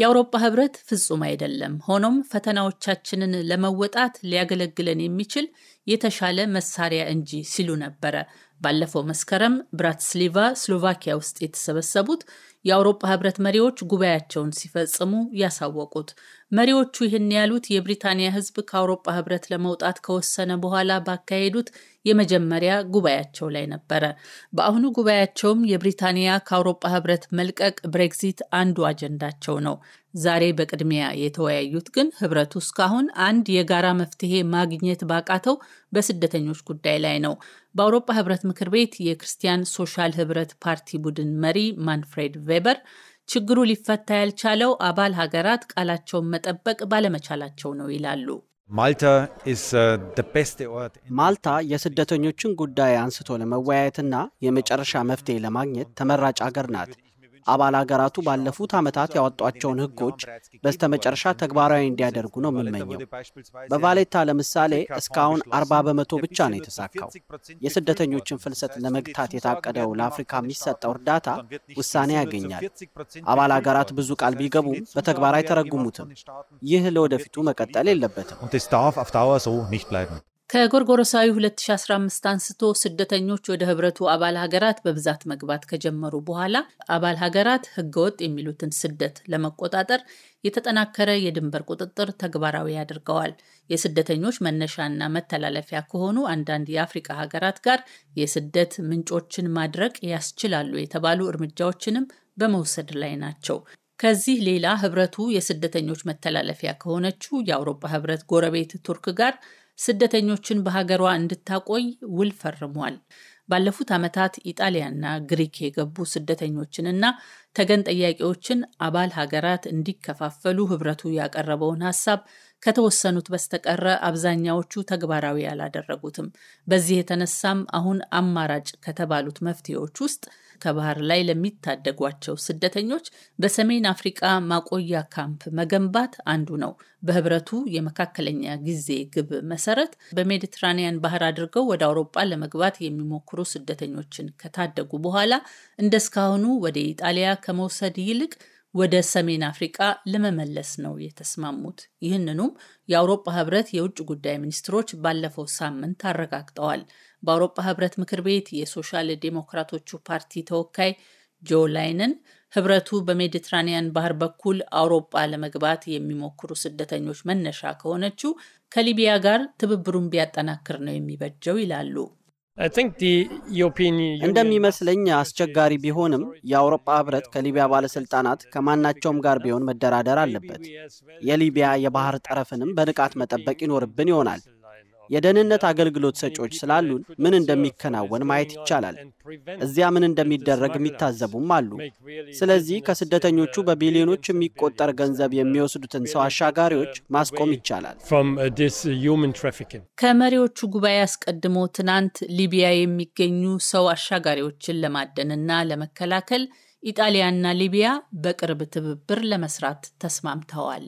የአውሮፓ ህብረት ፍጹም አይደለም። ሆኖም ፈተናዎቻችንን ለመወጣት ሊያገለግለን የሚችል የተሻለ መሳሪያ እንጂ ሲሉ ነበረ ባለፈው መስከረም ብራቲስሊቫ ስሎቫኪያ ውስጥ የተሰበሰቡት የአውሮፓ ህብረት መሪዎች ጉባኤያቸውን ሲፈጽሙ ያሳወቁት። መሪዎቹ ይህን ያሉት የብሪታንያ ህዝብ ከአውሮፓ ህብረት ለመውጣት ከወሰነ በኋላ ባካሄዱት የመጀመሪያ ጉባኤያቸው ላይ ነበረ። በአሁኑ ጉባኤያቸውም የብሪታንያ ከአውሮፓ ህብረት መልቀቅ ብሬግዚት አንዱ አጀንዳቸው ነው። ዛሬ በቅድሚያ የተወያዩት ግን ህብረቱ እስካሁን አንድ የጋራ መፍትሄ ማግኘት ባቃተው በስደተኞች ጉዳይ ላይ ነው። በአውሮፓ ህብረት ምክር ቤት የክርስቲያን ሶሻል ህብረት ፓርቲ ቡድን መሪ ማንፍሬድ ቬበር ችግሩ ሊፈታ ያልቻለው አባል ሀገራት ቃላቸውን መጠበቅ ባለመቻላቸው ነው ይላሉ። ማልታ የስደተኞችን ጉዳይ አንስቶ ለመወያየትና የመጨረሻ መፍትሄ ለማግኘት ተመራጭ ሀገር ናት። አባል ሀገራቱ ባለፉት ዓመታት ያወጧቸውን ህጎች በስተመጨረሻ ተግባራዊ እንዲያደርጉ ነው የምመኘው። በቫሌታ ለምሳሌ እስካሁን 40 በመቶ ብቻ ነው የተሳካው። የስደተኞችን ፍልሰት ለመግታት የታቀደው ለአፍሪካ የሚሰጠው እርዳታ ውሳኔ ያገኛል። አባል ሀገራት ብዙ ቃል ቢገቡም በተግባር አይተረጉሙትም። ይህ ለወደፊቱ መቀጠል የለበትም። ከጎርጎሮሳዊ 2015 አንስቶ ስደተኞች ወደ ህብረቱ አባል ሀገራት በብዛት መግባት ከጀመሩ በኋላ አባል ሀገራት ህገወጥ የሚሉትን ስደት ለመቆጣጠር የተጠናከረ የድንበር ቁጥጥር ተግባራዊ አድርገዋል። የስደተኞች መነሻና መተላለፊያ ከሆኑ አንዳንድ የአፍሪካ ሀገራት ጋር የስደት ምንጮችን ማድረቅ ያስችላሉ የተባሉ እርምጃዎችንም በመውሰድ ላይ ናቸው። ከዚህ ሌላ ህብረቱ የስደተኞች መተላለፊያ ከሆነችው የአውሮፓ ህብረት ጎረቤት ቱርክ ጋር ስደተኞችን በሀገሯ እንድታቆይ ውል ፈርሟል። ባለፉት ዓመታት ኢጣሊያና ግሪክ የገቡ ስደተኞችንና ተገን ጠያቂዎችን አባል ሀገራት እንዲከፋፈሉ ህብረቱ ያቀረበውን ሀሳብ ከተወሰኑት በስተቀረ አብዛኛዎቹ ተግባራዊ አላደረጉትም። በዚህ የተነሳም አሁን አማራጭ ከተባሉት መፍትሄዎች ውስጥ ከባህር ላይ ለሚታደጓቸው ስደተኞች በሰሜን አፍሪቃ ማቆያ ካምፕ መገንባት አንዱ ነው። በህብረቱ የመካከለኛ ጊዜ ግብ መሰረት በሜዲትራኒያን ባህር አድርገው ወደ አውሮፓ ለመግባት የሚሞክሩ ተሞክሮ ስደተኞችን ከታደጉ በኋላ እንደ እስካሁኑ ወደ ኢጣሊያ ከመውሰድ ይልቅ ወደ ሰሜን አፍሪቃ ለመመለስ ነው የተስማሙት። ይህንኑም የአውሮፓ ህብረት የውጭ ጉዳይ ሚኒስትሮች ባለፈው ሳምንት አረጋግጠዋል። በአውሮፓ ህብረት ምክር ቤት የሶሻል ዴሞክራቶቹ ፓርቲ ተወካይ ጆ ላይነን ህብረቱ በሜዲትራኒያን ባህር በኩል አውሮፓ ለመግባት የሚሞክሩ ስደተኞች መነሻ ከሆነችው ከሊቢያ ጋር ትብብሩን ቢያጠናክር ነው የሚበጀው ይላሉ። እንደሚመስለኝ አስቸጋሪ ቢሆንም የአውሮፓ ህብረት ከሊቢያ ባለሥልጣናት ከማናቸውም ጋር ቢሆን መደራደር አለበት። የሊቢያ የባህር ጠረፍንም በንቃት መጠበቅ ይኖርብን ይሆናል። የደህንነት አገልግሎት ሰጪዎች ስላሉን ምን እንደሚከናወን ማየት ይቻላል። እዚያ ምን እንደሚደረግ የሚታዘቡም አሉ። ስለዚህ ከስደተኞቹ በቢሊዮኖች የሚቆጠር ገንዘብ የሚወስዱትን ሰው አሻጋሪዎች ማስቆም ይቻላል። uh, uh, ከመሪዎቹ ጉባኤ አስቀድሞ ትናንት ሊቢያ የሚገኙ ሰው አሻጋሪዎችን ለማደንና ለመከላከል ኢጣሊያና ሊቢያ በቅርብ ትብብር ለመስራት ተስማምተዋል።